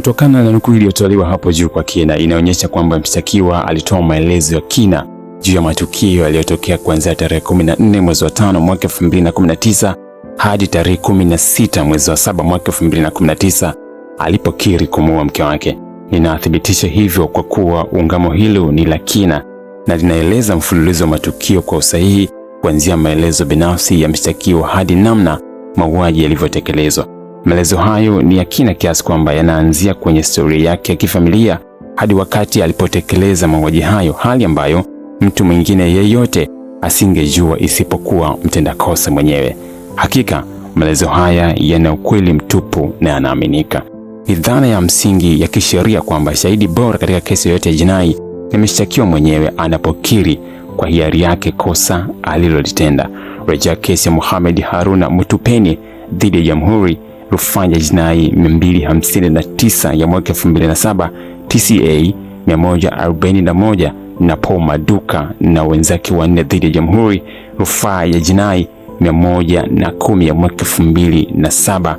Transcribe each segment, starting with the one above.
Kutokana na nukuu iliyotolewa hapo juu kwa kina, inaonyesha kwamba mshtakiwa alitoa maelezo ya kina juu ya matukio yaliyotokea kuanzia tarehe 14 mwezi wa 5 mwaka 2019 hadi tarehe 16 mwezi wa 7 mwaka 2019 alipokiri kumuua mke wake. Ninathibitisha hivyo kwa kuwa ungamo hilo ni la kina na linaeleza mfululizo wa matukio kwa usahihi, kuanzia maelezo binafsi ya mshtakiwa hadi namna mauaji yalivyotekelezwa. Maelezo hayo ni ya kina kiasi kwamba yanaanzia kwenye historia yake ya kifamilia hadi wakati alipotekeleza mauaji hayo, hali ambayo mtu mwingine yeyote asingejua isipokuwa mtenda kosa mwenyewe. Hakika maelezo haya yana ukweli mtupu na yanaaminika. Ni dhana ya msingi ya kisheria kwamba shahidi bora katika kesi yoyote ya jinai ni mshtakiwa mwenyewe anapokiri kwa hiari yake kosa alilolitenda. Rejea kesi ya Mohamed Haruna Mutupeni dhidi ya Jamhuri rufaa ya jinai 259 ya mwaka 2007 TCA 141 na Paul Maduka na wenzake wanne dhidi ya Jamhuri rufaa ya jinai 110 ya mwaka 2007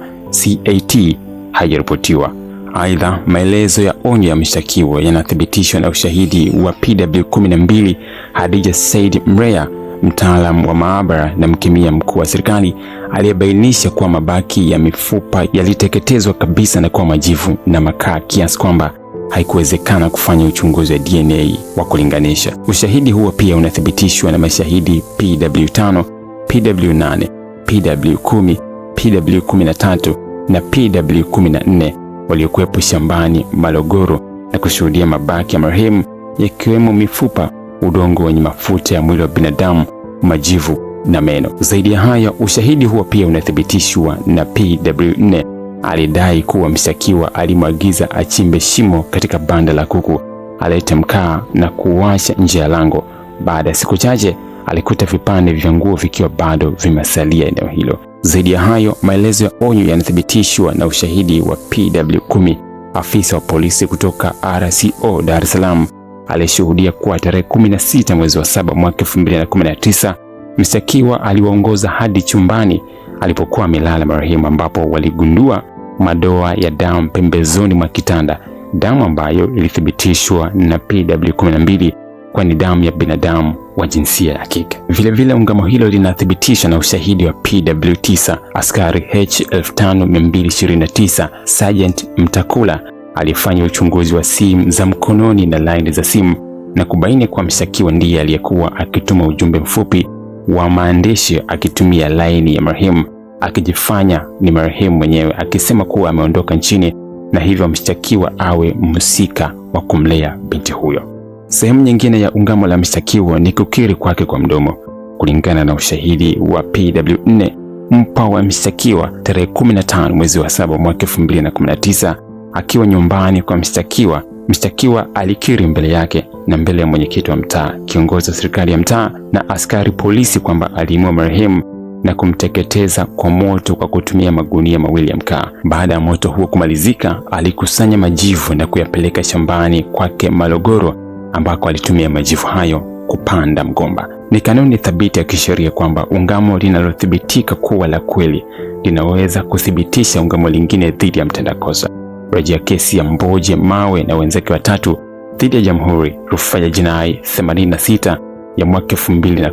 CAT haijaripotiwa. Aidha, maelezo ya onyo ya mshtakiwa yanathibitishwa na ushahidi wa PW12 Hadija Said Mrea mtaalam wa maabara na mkemia mkuu wa serikali aliyebainisha kuwa mabaki ya mifupa yaliteketezwa kabisa na kuwa majivu na makaa kiasi kwamba haikuwezekana kufanya uchunguzi wa DNA wa kulinganisha. Ushahidi huo pia unathibitishwa na mashahidi PW5, PW8, PW10, PW13 na PW14 waliokuwepo shambani Malogoro na kushuhudia mabaki ya marehemu yakiwemo mifupa udongo wenye mafuta ya mwili wa binadamu, majivu na meno. Zaidi ya haya, ushahidi huo pia unathibitishwa na PW4 alidai kuwa mshtakiwa alimwagiza achimbe shimo katika banda la kuku, alete mkaa na kuwasha nje ya lango. Baada ya siku chache alikuta vipande vya nguo vikiwa bado vimesalia eneo hilo. Zaidi ya hayo, maelezo ya onyo yanathibitishwa na ushahidi wa PW10, afisa wa polisi kutoka RCO Dar es Salaam alishuhudia kuwa tarehe 16 mwezi wa saba mwaka 2019 mshtakiwa aliwaongoza hadi chumbani alipokuwa amelala marehemu, ambapo waligundua madoa ya damu pembezoni mwa kitanda, damu ambayo ilithibitishwa na PW12 kwani ni damu ya binadamu wa jinsia ya kike. Vilevile, ungamo hilo linathibitisha na ushahidi wa PW9 askari H5229 Sergeant Mtakula alifanya uchunguzi wa simu za mkononi na laini za simu na kubaini kuwa mshtakiwa ndiye aliyekuwa akituma ujumbe mfupi wa maandishi akitumia laini ya marehemu akijifanya ni marehemu mwenyewe akisema kuwa ameondoka nchini na hivyo mshtakiwa awe mhusika wa kumlea binti huyo. Sehemu nyingine ya ungamo la mshtakiwa ni kukiri kwake kwa mdomo. Kulingana na ushahidi wa PW4 mpa wa mshtakiwa tarehe 15 mwezi wa 7 mwaka 2019 akiwa nyumbani kwa mshtakiwa. Mshtakiwa alikiri mbele yake na mbele ya mwenyekiti wa mtaa, kiongozi wa serikali ya mtaa na askari polisi kwamba aliimua marehemu na kumteketeza kwa moto kwa kutumia magunia mawili ya mkaa. Baada ya moto huo kumalizika, alikusanya majivu na kuyapeleka shambani kwake Malogoro, ambako alitumia majivu hayo kupanda mgomba. Ni kanuni thabiti ya kisheria kwamba ungamo linalothibitika kuwa la kweli linaweza kuthibitisha ungamo lingine dhidi ya mtendakosa kurejea kesi ya Mboje Mawe na wenzake watatu dhidi ya Jamhuri rufaa ya jinai 86 ya mwaka 2010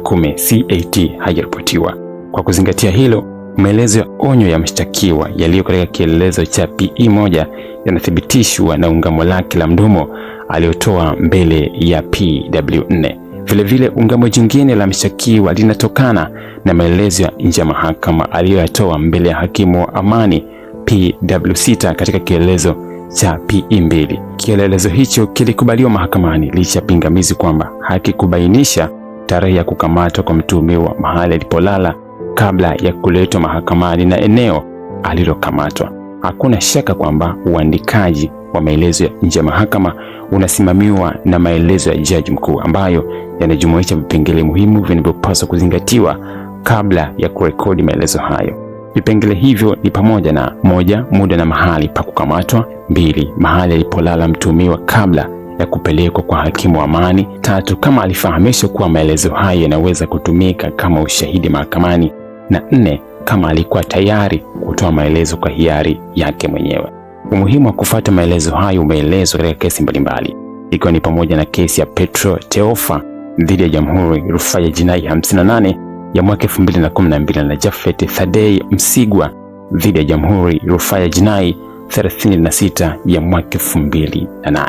CAT haijaripotiwa. Kwa kuzingatia hilo, maelezo ya onyo ya mshtakiwa yaliyo katika kielelezo cha PE moja yanathibitishwa na ungamo lake la mdomo aliyotoa mbele ya PW4. Vilevile, ungamo jingine la mshtakiwa linatokana na maelezo ya nje ya mahakama aliyoyatoa mbele ya hakimu wa amani PW6 katika kielelezo cha PE2. Kielelezo hicho kilikubaliwa mahakamani licha ya pingamizi kwamba hakikubainisha tarehe ya kukamatwa kwa mtuhumiwa, mahali alipolala kabla ya kuletwa mahakamani na eneo alilokamatwa. Hakuna shaka kwamba uandikaji wa maelezo ya nje ya mahakama unasimamiwa na maelezo ya jaji mkuu ambayo yanajumuisha vipengele muhimu vinavyopaswa kuzingatiwa kabla ya kurekodi maelezo hayo. Vipengele hivyo ni pamoja na moja, muda na mahali pa kukamatwa; mbili, mahali alipolala mtuhumiwa kabla ya kupelekwa kwa hakimu wa amani; tatu, kama alifahamishwa kuwa maelezo hayo yanaweza kutumika kama ushahidi mahakamani; na nne, kama alikuwa tayari kutoa maelezo kwa hiari yake mwenyewe. Umuhimu wa kufuata maelezo hayo umeelezwa katika kesi mbalimbali ikiwa ni pamoja na kesi ya Petro Teofa dhidi ya Jamhuri, rufaa ya jinai 58 ya mwaka 2012 na jafet Thadei Msigwa dhidi ya Jamhuri rufaa ya jinai 36 ya mwaka 2008.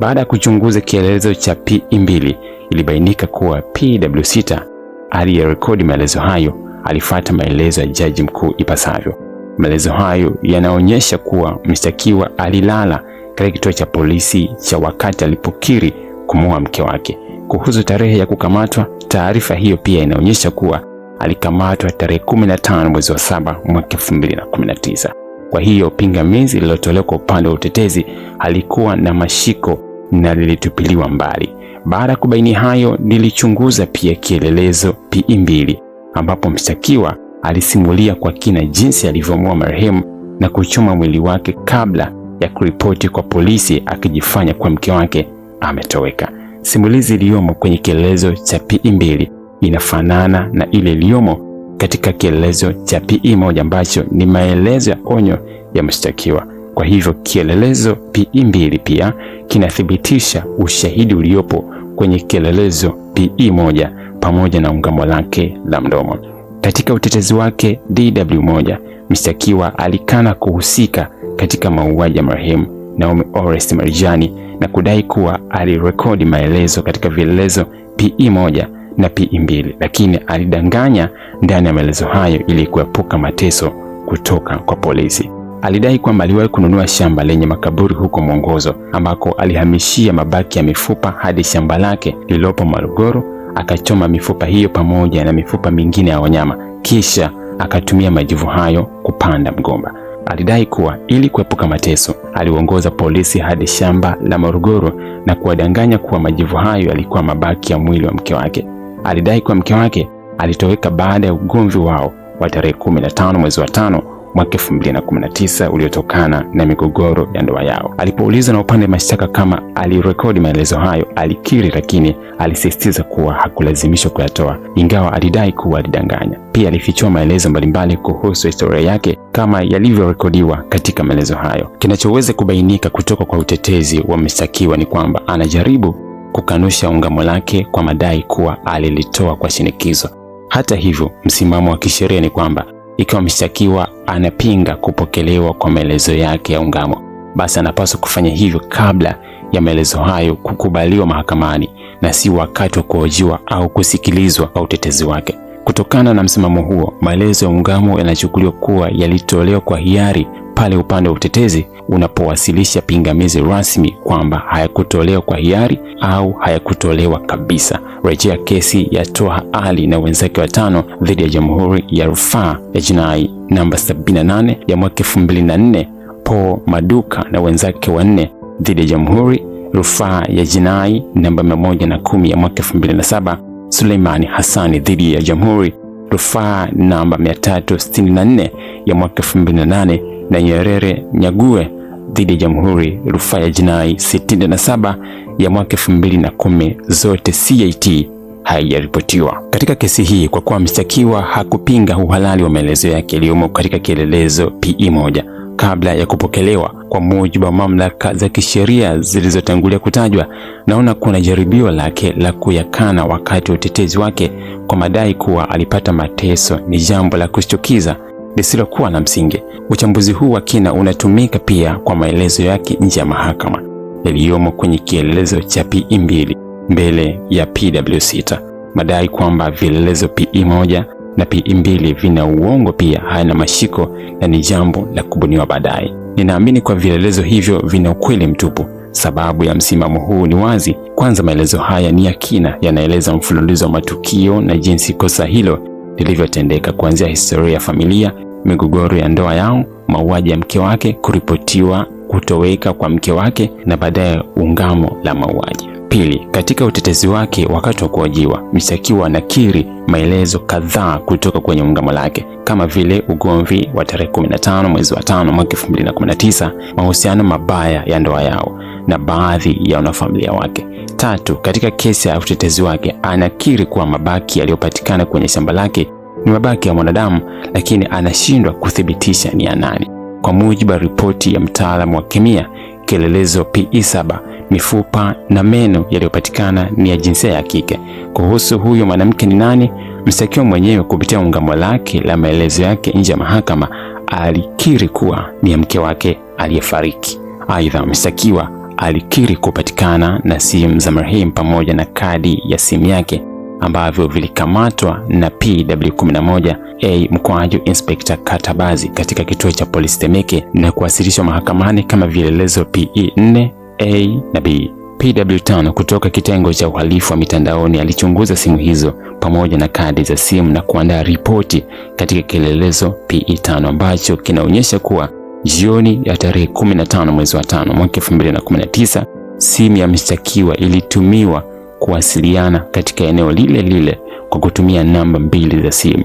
Baada ya kuchunguza kielelezo cha PE2, ilibainika kuwa PW6 e aliyerekodi maelezo hayo alifuata maelezo ya jaji mkuu ipasavyo. Maelezo hayo yanaonyesha kuwa mshtakiwa alilala katika kituo cha polisi cha wakati alipokiri kumuua mke wake kuhusu tarehe ya kukamatwa, taarifa hiyo pia inaonyesha kuwa alikamatwa tarehe 15 mwezi wa saba mwaka 2019. Kwa hiyo pingamizi lililotolewa kwa upande wa utetezi halikuwa na mashiko na lilitupiliwa mbali. Baada ya kubaini hayo, nilichunguza pia kielelezo PE mbili, ambapo mshtakiwa alisimulia kwa kina jinsi alivyomua marehemu na kuchoma mwili wake kabla ya kuripoti kwa polisi, akijifanya kwa mke wake ametoweka. Simulizi iliyomo kwenye kielelezo cha PE2 inafanana na ile iliyomo katika kielelezo cha PE1 ambacho ni maelezo ya onyo ya mshtakiwa. Kwa hivyo kielelezo PE2 pia kinathibitisha ushahidi uliopo kwenye kielelezo PE1 pamoja na ungamo lake la mdomo. Katika utetezi wake dw moja, mshtakiwa alikana kuhusika katika mauaji ya marehemu Naomi Orest Marijani na kudai kuwa alirekodi maelezo katika vielelezo PE moja na PE mbili, lakini alidanganya ndani ya maelezo hayo ili kuepuka mateso kutoka kwa polisi. Alidai kwamba aliwahi kununua shamba lenye makaburi huko Mwongozo ambako alihamishia mabaki ya mifupa hadi shamba lake lililopo Morogoro, akachoma mifupa hiyo pamoja na mifupa mingine ya wanyama, kisha akatumia majivu hayo kupanda mgomba. Alidai kuwa ili kuepuka mateso, aliongoza polisi hadi shamba la Morogoro na kuwadanganya kuwa majivu hayo yalikuwa mabaki ya mwili wa mke wake. Alidai kuwa mke wake alitoweka baada ya ugomvi wao wa tarehe 15 mwezi wa tano mwaka 2019 uliotokana na migogoro ya ndoa yao. Alipoulizwa na upande mashtaka kama alirekodi maelezo hayo, alikiri, lakini alisisitiza kuwa hakulazimishwa kuyatoa, ingawa alidai kuwa alidanganya. Pia alifichua maelezo mbalimbali kuhusu historia yake kama yalivyorekodiwa katika maelezo hayo. Kinachoweza kubainika kutoka kwa utetezi wa mshtakiwa ni kwamba anajaribu kukanusha ungamo lake kwa madai kuwa alilitoa kwa shinikizo. Hata hivyo, msimamo wa kisheria ni kwamba ikiwa mshtakiwa anapinga kupokelewa kwa maelezo yake ya ungamo, basi anapaswa kufanya hivyo kabla ya maelezo hayo kukubaliwa mahakamani na si wakati wa kuhojiwa au kusikilizwa kwa utetezi wake. Kutokana na msimamo huo, maelezo ya ungamo yanachukuliwa kuwa yalitolewa kwa hiari pale upande wa utetezi unapowasilisha pingamizi rasmi kwamba hayakutolewa kwa hiari au hayakutolewa kabisa. Rejea kesi ya toa Ali na wenzake watano dhidi ya Jamhuri ya Rufaa ya Jinai namba 78 ya mwaka 2004, Paul Maduka na wenzake wanne dhidi ya Jamhuri Rufaa ya Jinai namba 110 ya mwaka 2007, Suleimani Hassani dhidi ya Jamhuri rufaa namba 364 ya mwaka 2008 na Nyerere Nyague dhidi ya Jamhuri, rufaa ya jinai 67 ya mwaka 2010, zote CAT haijaripotiwa katika kesi hii, kwa kuwa mshtakiwa hakupinga uhalali wa maelezo yake yaliyomo katika kielelezo PE moja kabla ya kupokelewa kwa mujibu wa mamlaka za kisheria zilizotangulia kutajwa, naona kuna jaribio lake la kuyakana wakati wa utetezi wake kwa madai kuwa alipata mateso ni jambo la kushtukiza lisilokuwa na msingi. Uchambuzi huu wa kina unatumika pia kwa maelezo yake nje ya mahakama yaliyomo kwenye kielelezo cha PE mbili mbele ya PW6. Madai kwamba vielelezo PE1 na PE2 vina uongo pia hayana mashiko na ni jambo la kubuniwa baadaye. Ninaamini kwa vielelezo hivyo vina ukweli mtupu. Sababu ya msimamo huu ni wazi. Kwanza, maelezo haya ni ya kina, yanaeleza mfululizo wa matukio na jinsi kosa hilo lilivyotendeka, kuanzia historia ya familia, migogoro ya ndoa yao, mauaji ya mke wake, kuripotiwa kutoweka kwa mke wake na baadaye ungamo la mauaji. Pili, katika utetezi wake wakati wa kuhojiwa, mshtakiwa anakiri maelezo kadhaa kutoka kwenye ungamo lake kama vile ugomvi wa tarehe 15 mwezi wa 5 mwaka 2019, mahusiano mabaya ya ndoa yao na baadhi ya wanafamilia wake. Tatu, katika kesi ya utetezi wake anakiri kuwa mabaki yaliyopatikana kwenye shamba lake ni mabaki ya mwanadamu, lakini anashindwa kuthibitisha ni ya nani. Kwa mujibu wa ripoti ya mtaalamu wa kemia kielelezo PE7 mifupa na meno yaliyopatikana ni ya jinsia ya kike. Kuhusu huyo mwanamke ni nani, mshtakiwa mwenyewe kupitia ungamo lake la maelezo yake nje ya mahakama alikiri kuwa ni mke wake aliyefariki. Aidha, mshtakiwa alikiri kupatikana na simu za marehemu pamoja na kadi ya simu yake ambavyo vilikamatwa na PW11 A mkoaju Inspector Katabazi katika kituo cha polisi Temeke na kuwasilishwa mahakamani kama vielelezo PE 4 A na B. PW5 kutoka kitengo cha uhalifu wa mitandaoni alichunguza simu hizo pamoja na kadi za simu na kuandaa ripoti katika kielelezo PE5 ambacho kinaonyesha kuwa jioni ya tarehe 15 mwezi wa 5 mwaka 2019 simu ya mshtakiwa ilitumiwa kuwasiliana katika eneo lile lile kwa kutumia namba mbili za simu.